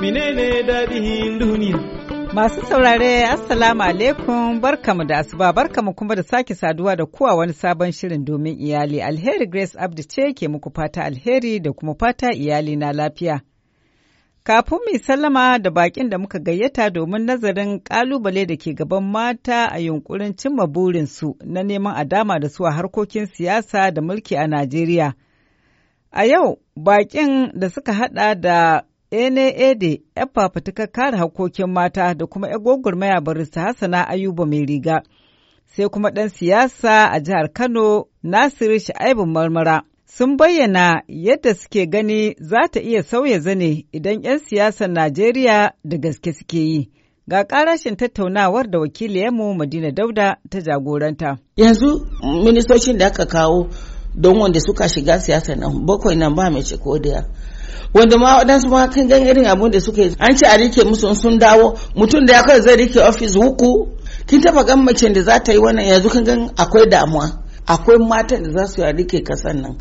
Minene daɗin duniya. Masu saurare Assalamu alaikum barkamu da asuba barkamu kuma da sake saduwa da kuwa wani sabon shirin domin iyali alheri Grace Abdi ce ke muku fata alheri da kuma fata iyali na lafiya. Kafin mai sallama da bakin da muka gayyata domin nazarin kalubale da ke gaban mata a yunkurin cimma burinsu na neman adama da su a harkokin siyasa da mulki a Najeriya. A yau bakin da suka haɗa da ene ede ta kare hakokin mata da kuma yan gwagwarmaya barista hassana ayuba mai riga sai kuma ɗan siyasa a jihar kano nasiru sha'aibin marmara sun bayyana yadda suke gani za ta iya sauya zane idan 'yan siyasar najeriya da gaske suke yi ga karashin tattaunawar da wakiliyarmu madina dauda ta jagoranta yanzu ministocin da aka kawo don wanda suka shiga siyasar nan bakwai nan ba mai ko da wanda ma waɗansu ma kan gan irin abun da suke an ce a rike musu sun dawo mutum da ya kawai zai rike ofis huku kin taba gan macen da za ta yi wannan yanzu kan gan akwai damuwa akwai matan da za su yi rike kasan nan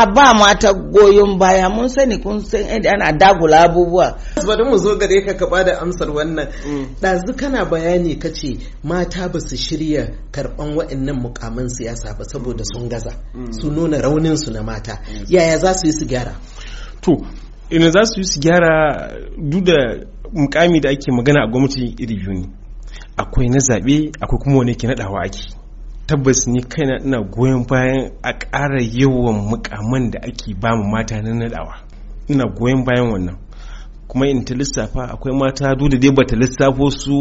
a ba mata goyon baya mun sani kun san yadda ana dagula abubuwa. bari mu zo gare ka ka bada amsar wannan mm. ɗazu kana bayani ka ce mata ba su shirya karɓan waɗannan mukaman siyasa ba saboda sun gaza mm. su nuna rauninsu na mata mm. yaya za su yi su gyara to ina za su yi su gyara duk da mukami da ake magana a gwamnati iri biyu ne akwai na zaɓe akwai kuma wani ke naɗawa ake tabbas ni kaina ina goyon bayan a ƙara yawan mukaman da ake ba mu mata na naɗawa ina goyon bayan wannan kuma in ta lissafa akwai mata duk da dai ta lissafo su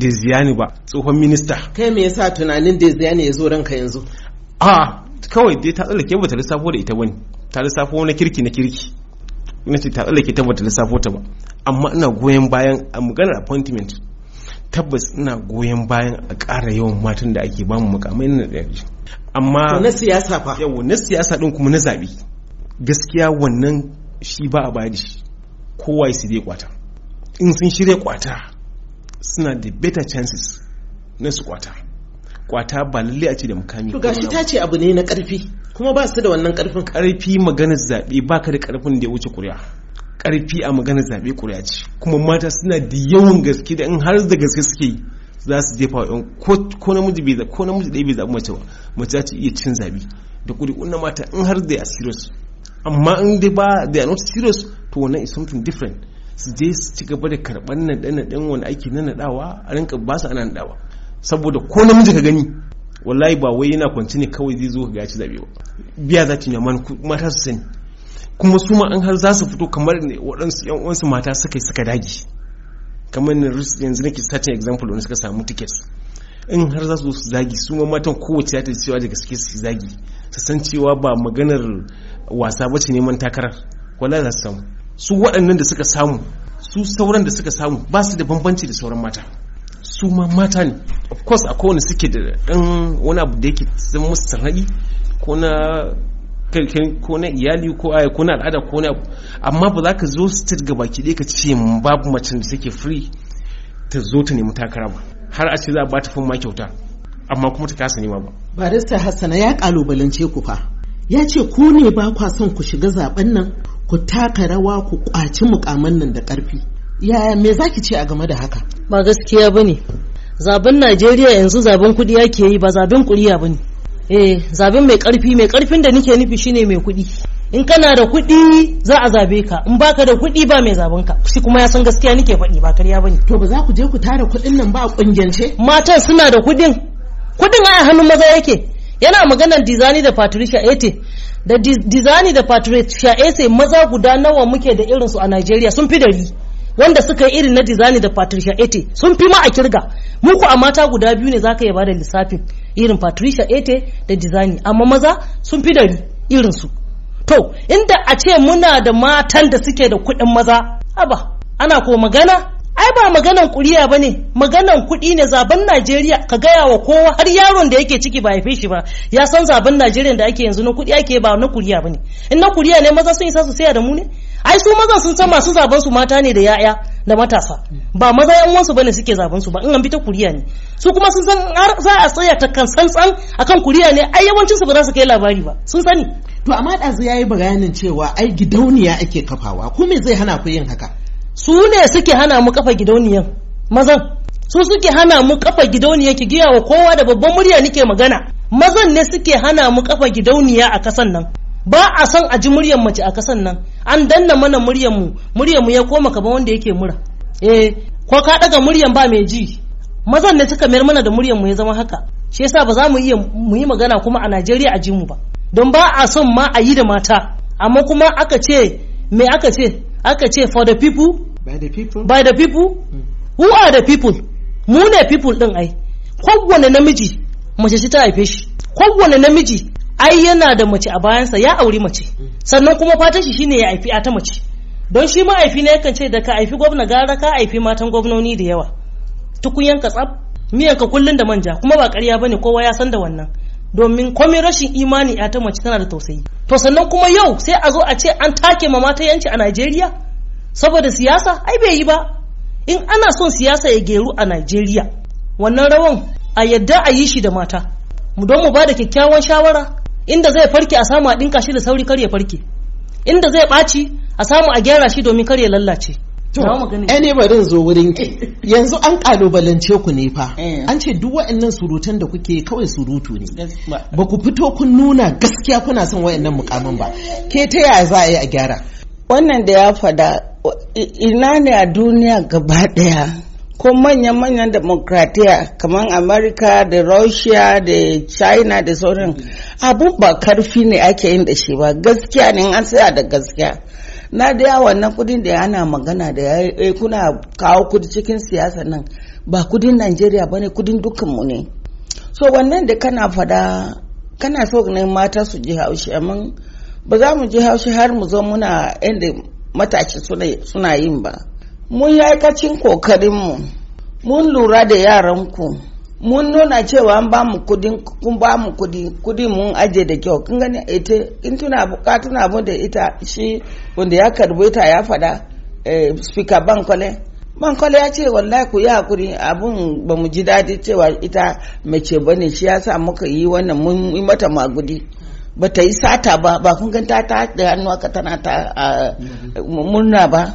Deziani ba tsohon minista kai me yasa tunanin Deziani ya zo ranka yanzu a kawai dai ta tsallake bata lissafo da ita bane ta lissafo na kirki na kirki ina ce ta tsallake ta bata lissafo ta ba amma ina goyon bayan a maganar appointment tabbas ina goyon bayan a ƙara yawan matan da ake bamu makamai na yaji amma na siyasa fa yawo na siyasa din kuma na zabi gaskiya wannan shi ba a shi kowa su dai kwata in sun shirya kwata suna da better chances na su kwata kwata ba lalle a ce da mukami to gashi ta ce abu ne na karfi kuma ba su da wannan karfin karfi maganar zaɓe ba ka da karfin da ya wuce kuri'a karfi a maganar zaɓe kuri'a ce kuma mata suna da yawan gaske da in har da gaske suke za su jefa wa ko namiji bai zaɓi ko namiji ɗaya bai zaɓi mace ba mace ta iya cin zaɓe da kuri unna mata in har da a serious amma in dai ba da not serious to wannan is something different su je su ci gaba da karɓar na naɗe ɗan wani aiki na naɗawa a rinka ba su ana naɗawa saboda ko namiji ka gani wallahi ba wai yana kwanci ne kawai zai zo ga ci zabe ba biya za ta yaman mata su sani kuma su ma an har za su fito kamar waɗansu yan uwansu mata suka suka dage kamar yanzu nake starting example wani suka samu tickets in har za su zagi su ma matan kowace ta cewa daga suke su zagi su san cewa ba maganar wasa ba ce neman takarar wala za su samu su waɗannan da suka samu su sauran da suka samu ba su da bambanci da sauran mata su ma mata ne of course a kowane suke da ɗan wani abu da yake sun musu sarra'i ko na ko na iyali ko aya ko na al'ada ko na amma ba za ka zo state ga baki ɗaya ka ce babu macen da take free ta zo ta nemi takara ba har a ce za a ba ta ma kyauta amma kuma ta kasa nema ba barista hassana ya kalubalance ku fa ya ce ku ne ba kwa son ku shiga zaben nan ku taka rawa ku kwaci mukaman nan da karfi ya me zaki ce a game da haka ba gaskiya bane zaben Najeriya yanzu zaben kudi yake yi ba zaben kuriya bane eh zaben mai karfi mai karfin da nike nufi shine mai kudi in kana da kuɗi za a zabe ka in baka da kuɗi ba mai zaben ka shi kuma ya san gaskiya nike faɗi ba karya bane to ba za ku je ku tara kuɗin nan ba a kungiyance matan suna da kuɗin kuɗin a hannun maza yake yana maganar dizani da patricia ete da dizani da patricia ete maza guda nawa muke da irinsu a Najeriya sun fi dari wanda suka yi irin na dizani da Patricia Ete sun fi ma a kirga mu a mata guda biyu ne zaka iya bada lissafin irin Patricia Ete da dizani amma maza sun fi da irin su to inda a ce muna da matan da suke da kuɗin maza haba ana ko magana ai ba maganan kuriya ba ne maganan kuɗi ne zaben najeriya ka gaya wa kowa har yaron da yake ciki ba haife shi ba ya san zaben najeriya da ake yanzu na kuɗi ake ba na kuriya ba ne in na kuriya ne maza sun isa su saya da mu ne ai su maza sun san masu zaben su mata ne da ya'ya da matasa ba maza yan wasu bane suke zaben su ba in an bi ta kuriya ne su kuma sun san za a tsaya ta kan tsantsan akan kuriya ne ai yawancin su ba za su kai labari ba sun sani to amma ɗazu yi bayanin cewa ai gidauniya ake kafawa ko me zai hana ku yin haka su ne suke hana mu kafa gidauniyan mazan su suke hana mu kafa gidauniyan ki giya wa kowa da babban murya nike magana mazan ne suke hana mu kafa gidauniya a kasan nan ba a san a ji muryan mace a kasan nan an danna mana muryan mu muryan mu ya koma kaman wanda yake mura eh ko ka daga muryan ba mai ji mazan ne suka mayar mana da muryan mu ya zama haka shi yasa ba za mu iya mu yi magana kuma a Najeriya a ji mu ba don ba a son ma a yi da mata amma kuma aka ce me aka ce aka ce for the people by the people by the people hmm. who are the people mu ne people ɗin ai kowane namiji mace ta haife shi kowane namiji ai yana da mace a bayansa ya auri mace hmm. sannan kuma fatan shi shine ya haifi ta mace don shi ma'aifi ne yakan ce da ka haifi gwamna gara ka haifi matan gwamnoni da yawa tukunyan ka tsaf miyan ka kullun da manja kuma ba ƙarya bane kowa ya san da wannan domin komai rashin imani ya ta mace tana da tausayi to sannan kuma yau sai a zo a ce an take ma mata yanci a Najeriya saboda siyasa ai bai yi ba in ana son siyasa ya geru a Najeriya wannan rawan a yadda a yi shi da mata mu don mu bada kyakkyawan shawara inda zai farke a samu a dinka shi da sauri kar ya farke inda zai ɓaci a samu a gyara shi domin kar ya lallace ne eh, barin zo wurin ki yanzu an kalubalance ku ne fa eh. an ce duk waɗannan surutan da kuke kawai surutu ne ba ku fito kun nuna gaskiya kuna son waɗannan mukamin ba ke ta yaya za a yi a gyara wannan da ya fada ina ne a duniya gaba daya ko manyan-manyan demokratiya kamar amerika da russia da china da sauran abun ba karfi ne ake yin da shi ba gaskiya ne an tsaya da gaskiya na da wannan kudin da ana magana da ya eh, kuna kawo kudi cikin siyasa nan ba kudin najeriya ba ne kudin dukanmu ne so wannan da kana fada kana so ne mata su ji haushi amma ba za mu ji haushi har mu zo muna inda matashi suna yin ba mun yi aikacin kokarinmu mun lura da yaranku mun nuna cewa an ba mu kudin kun ba mu kudi mun aje da kyau kun gani ita in tuna bukatun abu da ita shi wanda ya karbe ta ya fada eh, speaker bankole bankole ya ce wallahi ku yi hakuri abun ba mu ji dadi cewa ita mace bane shi ya sa muka yi wannan mun yi mata magudi ba ta yi sata ba ba kun ganta ta da hannu aka tana ta murna ba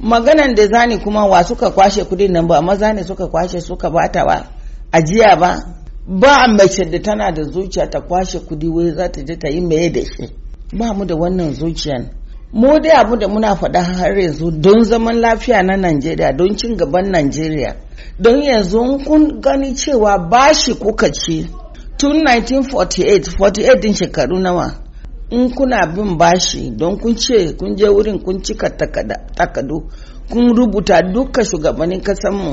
maganan da zani kuma wa suka kwashe kudin nan ba maza ne suka kwashe suka bata ba ajiya ba ba mace da tana da zuciya ta kwashe kudi wai za ta je ta yi meye da shi ba mu da wannan zuciyan mu dai abu da muna faɗa har yanzu don zaman lafiya na Najeriya don cin gaban Najeriya don yanzu kun gani cewa bashi kuka ce tun 1948 48 din shekaru nawa in kuna bin bashi don kun ce kun je wurin kun cika takadu kun rubuta duka shugabannin kasanmu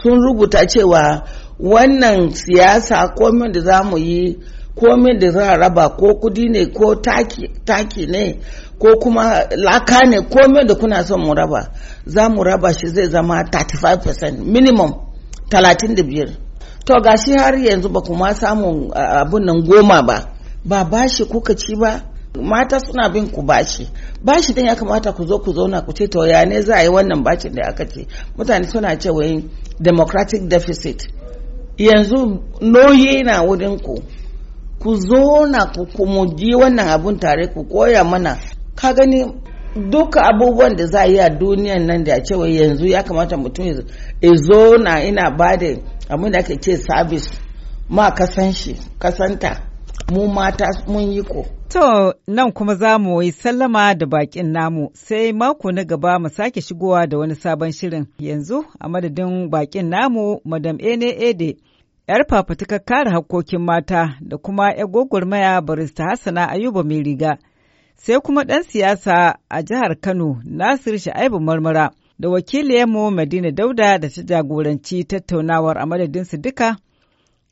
sun rubuta cewa wannan siyasa komai da za mu yi komai da za a raba ko kudi ne ko taki ne ko kuma laka ne komai da kuna son mu raba za mu raba shi zai zama 35% minimum 35 to gashi har yanzu ba kuma samun abun nan goma ba ba bashi kuka ci ba mata suna bin ku bashi bashi din ya kamata ku zo ku zauna ku ce to ya ne za a yi wannan bashin da aka ce mutane suna ce wai democratic deficit yanzu noye na wurin ku ku zo na ku ji wannan abun tare ku koya mana ka gani duka abubuwan da za a yi a duniyan nan da ya cewa yanzu ya kamata mutum ya zo na ina ba abin da ake ce service ma kasan shi kasanta mu mata mun yi ko. To nan kuma za mu yi sallama da bakin namu sai mako na gaba mu sake shigowa da wani sabon shirin yanzu a madadin bakin namu madam ene ede yar fafutukar kare hakkokin mata da kuma ya gwagwarmaya barista hassana ayuba mai riga sai kuma ɗan siyasa a jihar kano nasir sha'ibu marmara. da wakiliyarmu Madina Dauda da ta jagoranci tattaunawar a madadinsu duka,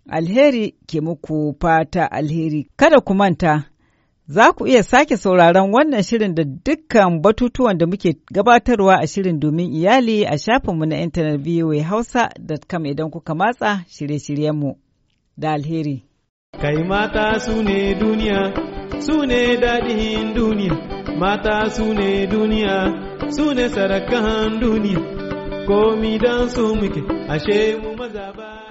alheri ke muku fata alheri. Kada ku manta, za ku iya sake sauraron wannan shirin da dukkan batutuwan da muke gabatarwa a shirin domin iyali a shafinmu na intanet Hausa.com idan kuka matsa shirye-shiryenmu da alheri. Kai mata su ne duniya, su ne daɗin duniya, mata su ne duniya. su ne sarakan duniya komi dan su muke ashe mu maza ba